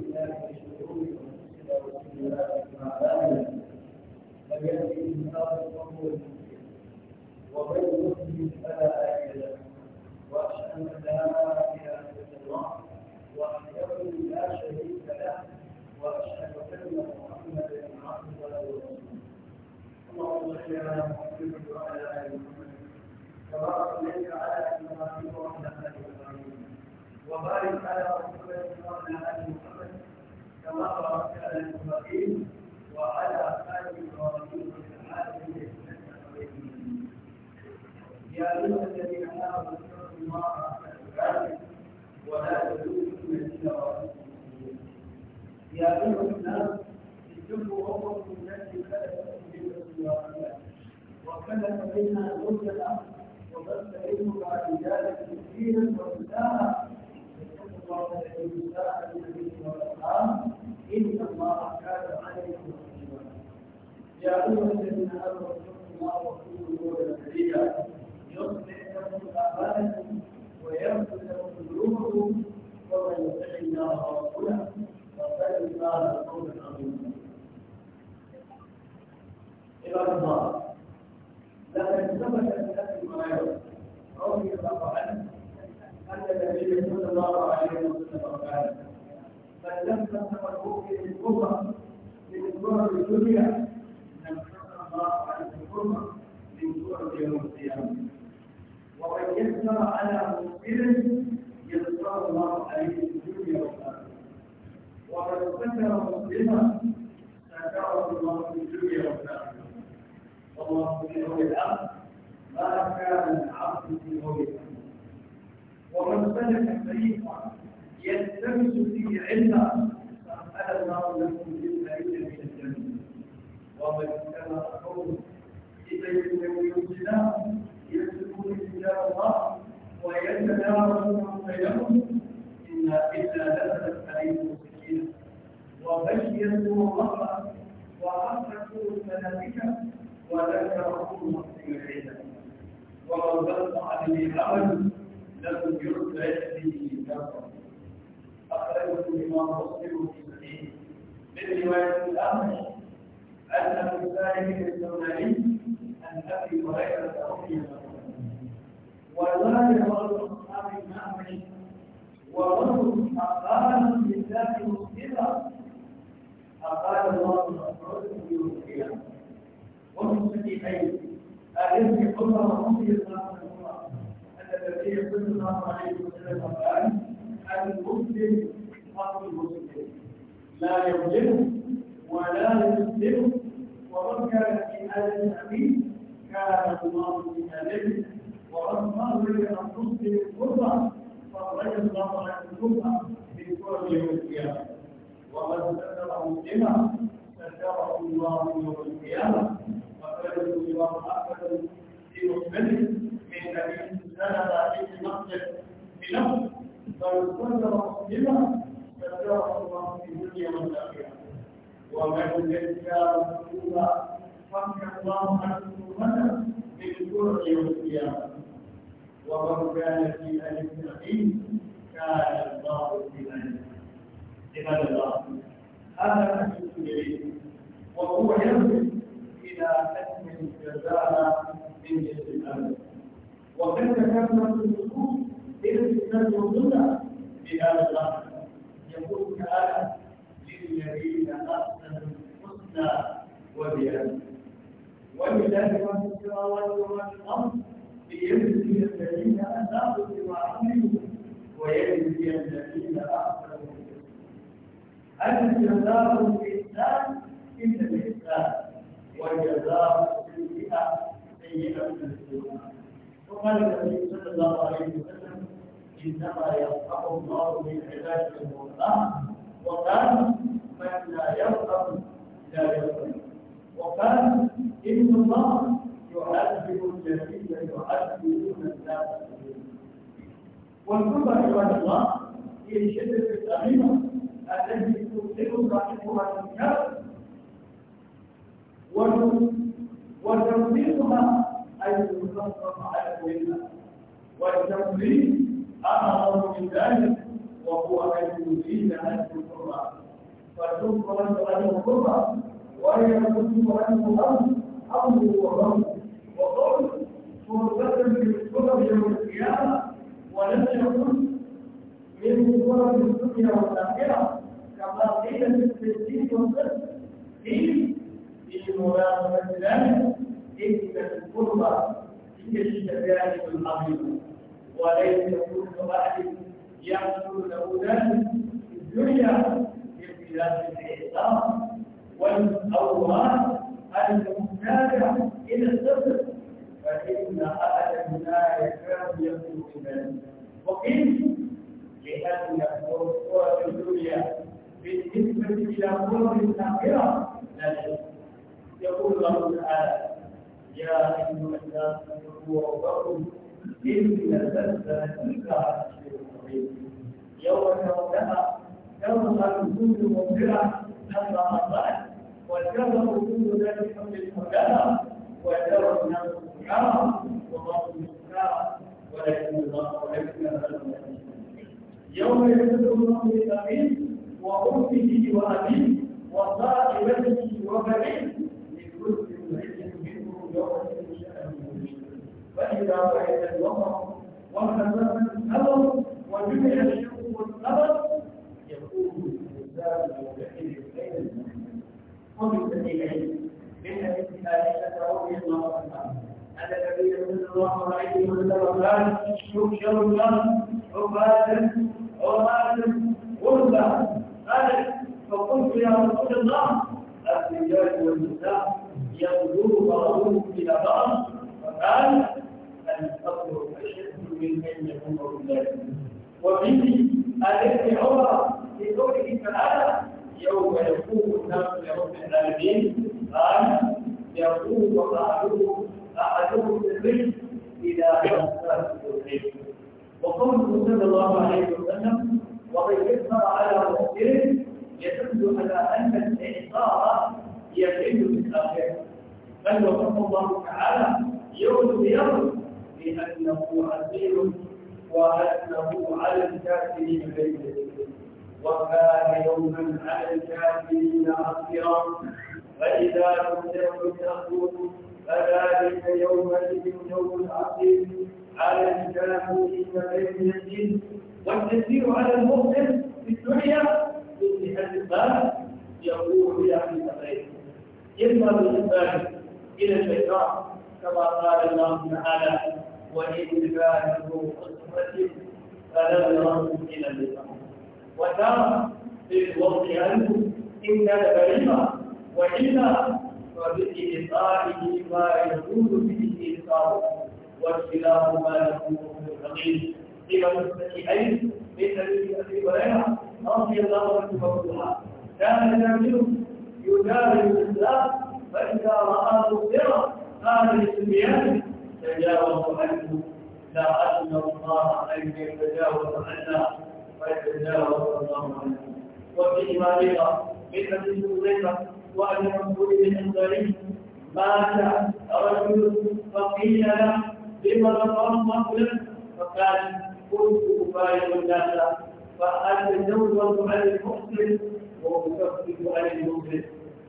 بالله من شرور انفسنا وسيئات اعمالنا من يهده الله فهو المهتد ومن يضلل فلا هادي له واشهد ان لا اله الا الله وحده لا شريك له واشهد ان محمدا عبده ورسوله اللهم صل على محمد يا أيها الذين آمنوا اتقوا الله حق تقاته ولا تموتن إلا وأنتم يا أيها الناس اتقوا ربكم الذي خلقكم من نفس واحدة وخلق منها زوجها وبث منهما رجالا كثيرا ومساها اتقوا الله الذي تساءلون به والأرحام إن الله كان عليكم رقيبا يا أيها الذين آمنوا اتقوا الله وكونوا نورا أعمالهم ويغفر لهم ذنوبهم ومن يطع الله ورسوله فقد فاز قولا عظيما عباد الله لقد ثبت من ابي هريره رضي الله عنه ان النبي صلى الله عليه وسلم قال من لم تسبق المؤمن الكبرى من كرم الدنيا لم يسبق الله عليه الكبرى من كرم يوم القيامه إثم على مسلم يذكر الله عليه في الدنيا والآخرة ومن ستر مسلما ذكره الله في الدنيا والآخرة والله في هو الأرض ما كان العبد في هو ومن سلك طريقا يلتمس فيه علما سهل الله له بالخير من الجنة ومن كان قوم لمن يسلم يسلكون كتاب الله ويتدارسون بينهم إلا إلا نزلت عليهم السكينة وغشيتهم الرحمة وأخرجوا الملائكة وذكرهم في العلم وغلظنا عليه عمل لم يرد به ذنبا أخرجه الإمام مسلم في صحيحه من رواية الأعمش أن مسالم الزمان أن أبي هريرة رضي الله ولا يرد أصحاب النعم ورد أقال بالله مسلما أقال الله مسعود يوم القيامة ومن صحيحين أعلم كل رسول الله صلى الله عليه وسلم قال المسلم حق لا يظلم ولا يسلم ومن كان في هذا الأمين كان الله في هذا والمال أن تصبح قربا فرضي الله عنكما في كل يوم القيامة ومن ستره مسلما ستره الله يوم القيامة وكان الإمام أحمد في مسلمه من حديث سند عليه مقتل بنفسه فمن ستر مسلما ستره الله في كل يوم القيامة ومن يسير مسلما فكر الله عنه من كل يوم القيامة ومن كان في ألف نعيم كان الله في ألف عباد الله هذا ما جئت إليه وهو يرجع إلى حكم الجزاء من جنس الأمر وقد تكلمت النصوص إذ تدعونا بهذا الأمر يقول تعالى للذين أحسنوا الحسنى وبها ولله ما في السماوات وما في الأرض بإذن العقل ويجزي الذين أحسنوا الجزاء الإحسان إلا الإحسان وجزاء السيئة سيئة السوء وقال النبي صلى الله عليه وسلم إنما يرفع الله من عباده الله وقال من لا يرقب لا يرقب وقال إن الله يعذب الذين يعذبون الناس والكبر عباد الله هي شدة الغنيمة التي تبطل صاحبها الانكار وتنفيذها أي تخفف على كلها والتنفيذ أمر من ذلك وهو أن يزيد عنه القربى فتنفر عنه القربى وهي تنفر عنه الأرض أمر وغرب وقول فرصة للقرب يوم القيامة ولم يكن من صور الدنيا والآخرة كما قيل في التسجيل والصدق قيل في مناسبة ذلك إن القربى هي الشفاعة العظيمة وليس كل واحد يحصل له ذلك في الدنيا باختلاف الإحسان والأوراق المتابعه إلى الصدق فإن لا يكاد يكون إلى وقيل لأن قوة الدنيا بالنسبة إلى قوة الآخرة لا يقول الله تعالى يا أيها الناس اتقوا ربكم إن زلزلة الساعة يوم يومها تظهر كل مبدرة لما أضاءت وتظهر كل ذلك في الهدى الناس كفارا والله كفارا ولكن الله ولكن الله يوم يبدو الله لأبيه وأمه وأبيه وصاحبته وبنيه لكل امرئ منهم يومئذ شأنه فإذا رأيت الوطن وخزن الثمر وجمع الشوك والثمر يكون الإنسان يومئذ بين المؤمنين ومن سبيل اللهم عليه وسلم يحشر الناس عبادا عراة غربا قال فقلت يا رسول الله الرجال والنساء يغدو بعضهم الى بعض فقال الفقر اشد من ان يكون ذلك ومني الذي عمر في قوله تعالى يوم يقوم الناس لرب العالمين قال يقوم بعضهم احدهم بالرزق وقوله صلى الله عليه وسلم ومن على مؤثر يدل على ان الاعصار يقل في الاخره بل وصف الله تعالى يوم بيوم بانه عزيز وانه على الكافرين غير وكان يوما على الكافرين عسيرا فاذا لم يكن فذلك يومئذ يوم عظيم على الكافرين بين الدين والتسير على المؤمن في الدنيا في هذا الباب يقول يا أخي الخير إما بالاقبال إلى الشيطان كما قال الله تعالى وإن كانوا أسرة فلم يرد إلى اللقاء وترى في الوقت عنه إن كان بريئا وإلا وبإيقاعه ما يكون به إيقاعه ما يكون من الغيب قيمة الصحيحين من حديث أبي هريرة رضي الله عنه مرفوعا كان جابر يجاهد الإسلام فإذا رآه مصدرا قال لسفيان تجاوز عنه لا أن الله أن يتجاوز عنا فيتجاوز الله عنه وفي إمامنا من حديث حذيفة وأبي منصور الأنصاري مات رجل فقيل له لما تقام قبلك فقال كنت أبايع الناس فأتزوج عن المحسن وأكفر عن المسلم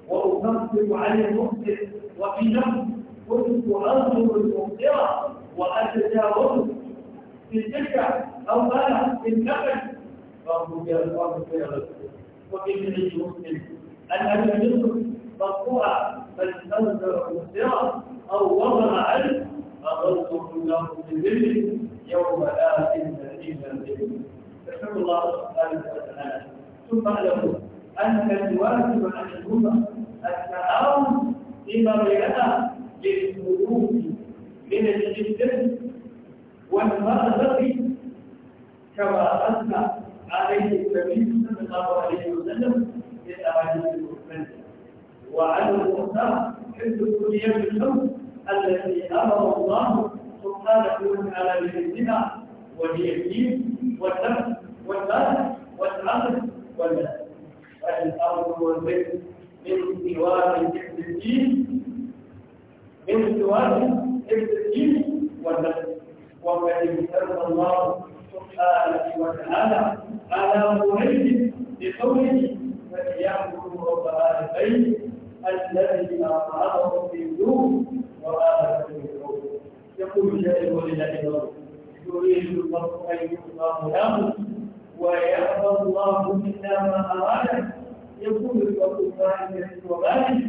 وأكفر عن المسلم وفي نفس كنت أنظر المغفرة وأتجاوز في الشركة أو أنا في النفس فهو يرفع في الرسول وفي مسلم الأجل مقطوعة بل تنزع مسرة أو وضع علم أغلقه الله بذله يوم لا إلا به يحب الله سبحانه وتعالى ثم اعلموا أن الواجب على الأمة التعاون فيما بينها للخروج من الجد والمرض كما أثنى عليه النبي صلى الله عليه وسلم للأحاديث المحكمة وعن حفظ كلية الحب التي أمر الله سبحانه وتعالى بحفظها وهي الدين والنفس والمال والعقل والناس الأرض والبيت من سوار حفظ الدين من سوار حفظ الدين والنفس وقد سر الله سبحانه وتعالى على مريد بقوله فليعبدوا رب هذا البيت الذي أطعمهم من جوع وآمنهم من خوف يقول شاعر ولله الأرض يريد الله أن يقام له ويأبى الله منا ما اراد يقول الرب مالك ومالك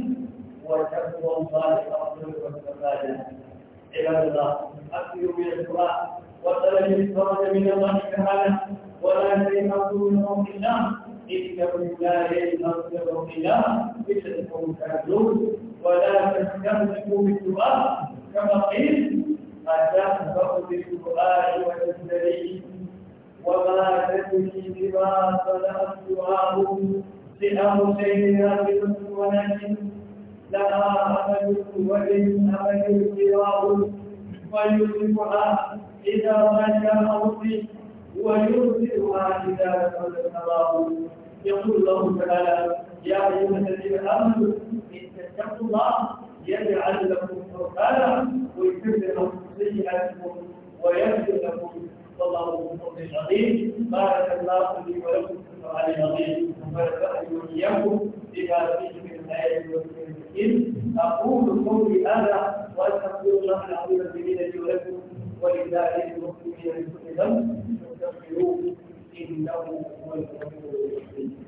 وتقوى الله أفضل والسفادة عباد الله أكثروا من الدعاء وطلب الفرج من الله تعالى ولا تيأسوا من أمر الله إنه لا يغفر القيام إلا القوم الكافرون ولا تستمسكوا بالدعاء كما قيل ما أتأخذ بالدعاء وتزدري وما تدري بما صنع الدعاء سئام سيئات ولكن لها أمل وإن أمل فراغ ويصبح إذا ما شاء ربي ويرسلها إذا تولوا يقول الله تعالى يا أيها الذين آمنوا إن تتقوا الله يجعل لكم فرقانا ويكفر لكم سيئاتكم ويغفر لكم والله بفضل عظيم بارك الله لي ولكم في القرآن العظيم وبارك لي وإياكم بما فيه من الآيات والذكر أقول قولي هذا وأستغفر الله العظيم الذي لي ولكم ولله المسلمين من كل ذنب نستغفره إنه هو الغفور الرحيم